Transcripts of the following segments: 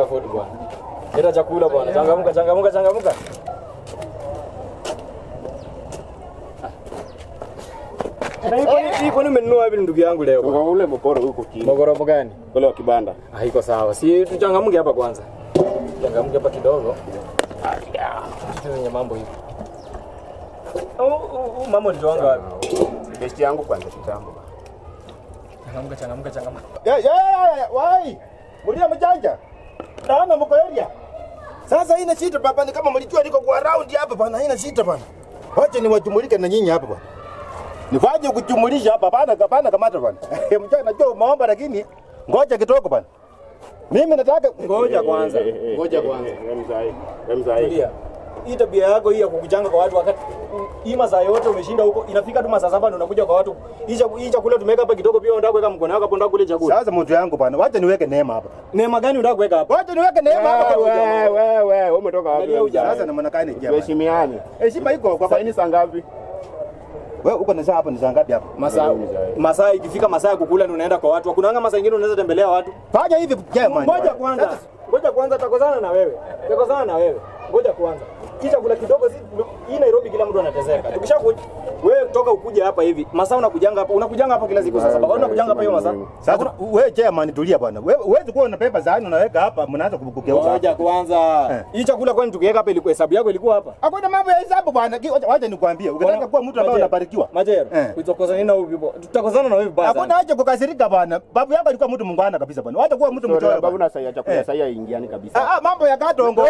Leta food bwana. Leta chakula bwana. Changamuka, changamuka, changamuka. kwani umenunua wapi ndugu yangu leo? Kwa ule mkoro huko chini. Mkoro gani? Ule wa kibanda. Ah, iko sawa. Si tuchangamke hapa kwanza. Changamke hapa kidogo. Ah, yenye mambo hivi. Oh, oh, oh mama ulijoanga wapi? Besti yangu kwanza kitambo. Changamka, changamka, Ya, ya, ya, ya, wai. Muria mjanja mtaona mko area. Sasa hii shida baba, ni kama mlijua liko kwa round hapa bana, hii shida bana. Wacha niwajumulike na nyinyi hapa bana. Nifaje kujumulisha hapa bana, kapana kamata bana. Mjana najua umeomba lakini ngoja kidogo bana. Mimi nataka ngoja kwanza. Ngoja kwanza. Remzai. Remzai hii tabia yako hii ya kukuchanga kwa watu wakati hii masaa yote umeshinda huko, inafika tu masaa saba ndio unakuja kwa watu. Hii chakula tumeweka hapa kidogo, pia unataka kuweka mkono wako hapo, unataka kule chakula. Sasa mtu yangu bwana, wacha niweke neema hapa. Neema gani unataka kuweka hapa? Wacha niweke neema hapa. Wewe wewe wewe, umetoka wapi? Sasa na maana kaeni jamaa, heshimiani. Heshima iko kwa faini saa ngapi? Wewe uko na saa hapa ni saa ngapi hapa? Masaa masaa ikifika masaa ya kukula ndio unaenda kwa watu. Kuna anga masaa mengine unaweza tembelea watu. Fanya hivi jamaa. Ngoja kwanza. Ngoja kwanza takozana na wewe. Takozana na wewe. Ngoja kwanza kisha kuna kidogo, si hii Nairobi kila mtu anatezeka. Tukisha wewe kutoka ukuja hapa hivi masaa unakujanga hapa unakujanga hapa kila siku, sasa baba unakujanga hapa hiyo masaa. Sasa wewe chairman, tulia bwana, wewe huwezi kuwa na pepa za unaweka hapa, mnaanza kugeuka. Ngoja kwanza, eh. hii chakula kwani tukiweka hapa ilikuwa hesabu yako ilikuwa hapa? Hakuna mambo ya hesabu bwana, wacha nikwambie, ukitaka kuwa mtu ambaye unabarikiwa majero, eh. utakozana nina huyu bibo? Tutakozana na wewe baba. Hakuna haja kukasirika bwana, babu yako alikuwa mtu mungwana kabisa bwana, wacha kuwa mtu mchoyo. Babu na sahihi, chakula eh. sahihi ingiani kabisa. Ah, ah mambo ya gato katongo,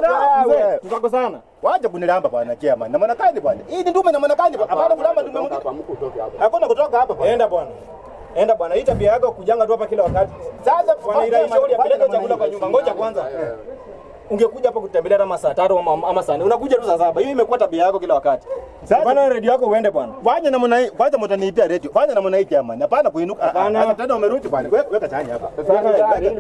Tutakozana. Waje kunilamba bwana chairman Na maana kani bwana? Hii ni ndume na maana kani bwana? Hapana kulamba ndume mwingine. Hapa mko kutoka hapa. Hakuna kutoka hapa bwana. Enda bwana. Enda bwana, hii tabia yako kujanga tu hapa kila wakati. Sasa bwana ila shauri kuleta chakula kwa nyumba. Ngoja kwanza. Ungekuja hapa kutembelea kama saa 3 ama saa 4. Unakuja tu saa 7. Hiyo imekuwa tabia yako kila wakati. Sasa bwana redio yako uende bwana. Fanya namna hii. Kwanza mtaniipia redio. Fanya namna hii jamani. Hapana kuinuka. Hapana. Tena umerudi bwana. Weka chanya hapa. Sasa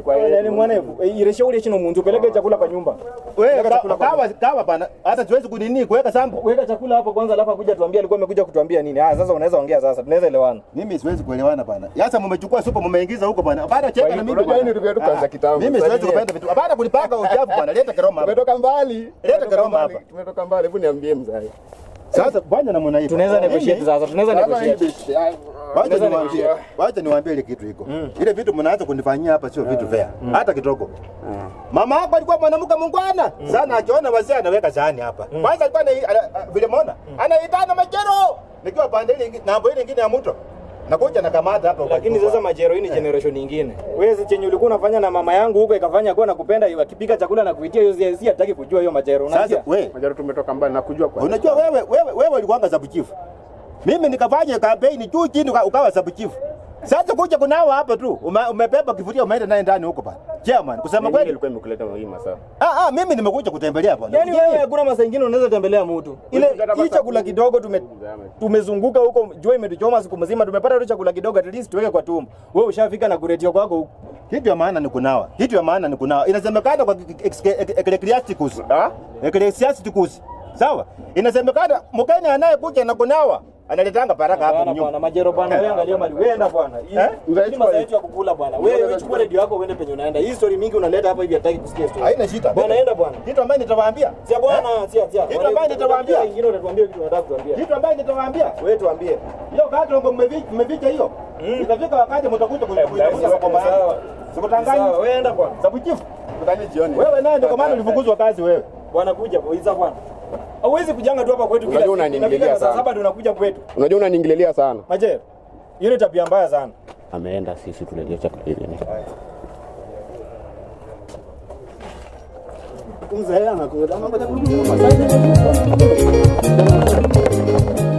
kwa nini mwana ile shauri chini mtu peleke chakula kwa nyumba. Wewe kawa kawa bwana. Hata siwezi kunini kuweka sambo. Weka chakula hapo kwanza alafu kuja tuambie alikuwa amekuja kutuambia nini. Ah sasa unaweza ongea sasa. Tunaweza elewana. Mimi siwezi kuelewana bwana. Sasa mmechukua supu mmeingiza huko bwana. Bado cheka na mimi. Bwana ndugu yetu kwanza ah, kitambo. Mimi siwezi kupenda vitu. Bado kunipaka uchafu bwana. Leta keroma. Tumetoka mbali. Leta keroma hapa. Tumetoka mbali. Hebu niambie mzee. Sasa bwana namna hiyo. Tunaweza negotiate sasa. Tunaweza negotiate. Wacha niwaambie. Wacha niwaambie ile kitu iko. Mm. Ile vitu mnaanza kunifanyia hapa sio vitu mm. fair. Mm. Hata kidogo. Mama yako alikuwa mwanamke mungwana. Sana akiona wazee anaweka sahani hapa. Kwanza alikuwa vile muona. Anaitana majero. Nikiwa pande ile na ile nyingine ya mto na nakamata hapa, lakini sasa Majero hii ni eh. generation nyingine. Wewe chenye ulikuwa unafanya na mama yangu huko ikafanya kwa nakupenda, hiyo akipika chakula na kuitia hiyo zizi, hataki kujua hiyo Majero. Sasa wewe Majero, tumetoka mbali na kujua kwa. Unajua wewe wewe wewe ulikuwa sub chief, mimi nikafanya campaign juu chini ukawa sub chief. Sasa kuja kunawa hapa tu, umebeba kifuria umeenda naye ndani huko pale Chairman, kusema kweli ilikuwa imekuleta hii masaa. Ah ah, mimi nimekuja kutembelea bwana. Yaani wewe hakuna masaa nyingine unaweza tembelea mtu. Ile hii chakula kidogo tume tumezunguka huko, jua imetuchoma siku mzima, tumepata tu chakula kidogo at least tuweke kwa tumbo. Wewe ushafika na kuretio kwako huko. Kitu ya maana ni kunawa. Kitu ya maana ni kunawa. Inasemekana kwa Ecclesiasticus. Ah? Ecclesiasticus Sawa? Inasemekana mkeni anayekuja na kunawa analetanga baraka hapo nyuma. Bwana Majero bwana, wewe angalia mali wewe enda bwana. Hii eh? masaa yetu ya kukula bwana. Wewe chukua redio yako uende penye unaenda. Hii story mingi unaleta hapa hivi hataki kusikia story. Haina shida. Bwana enda bwana. Kitu ambacho nitawaambia. Sia bwana, eh? sia sia. Kitu ambacho nitawaambia. Ingine unatuambia kitu unataka kutuambia. Kitu ambacho nitawaambia. Wewe tuambie. Hiyo kadro ngo mmevicha hiyo. Hmm? Itafika wakati mtakuja eh, kuikuta kwa kwa. maana. Sikutanganyi. Wewe enda bwana. Sababu chief. Kutanya jioni. Wewe nani? ndio kwa maana ulifukuzwa kazi wewe. Bwana kuja, boiza bwana. Hauwezi kujanga tu hapa kwetu kila siku. Unaniingilia sana. Sasa ndio unakuja kwetu. Unajua unaniingilia sana. Maje. Yule tabia mbaya sana. Ameenda sisi tulelie chakula hili. Unzaela na kwa mambo ya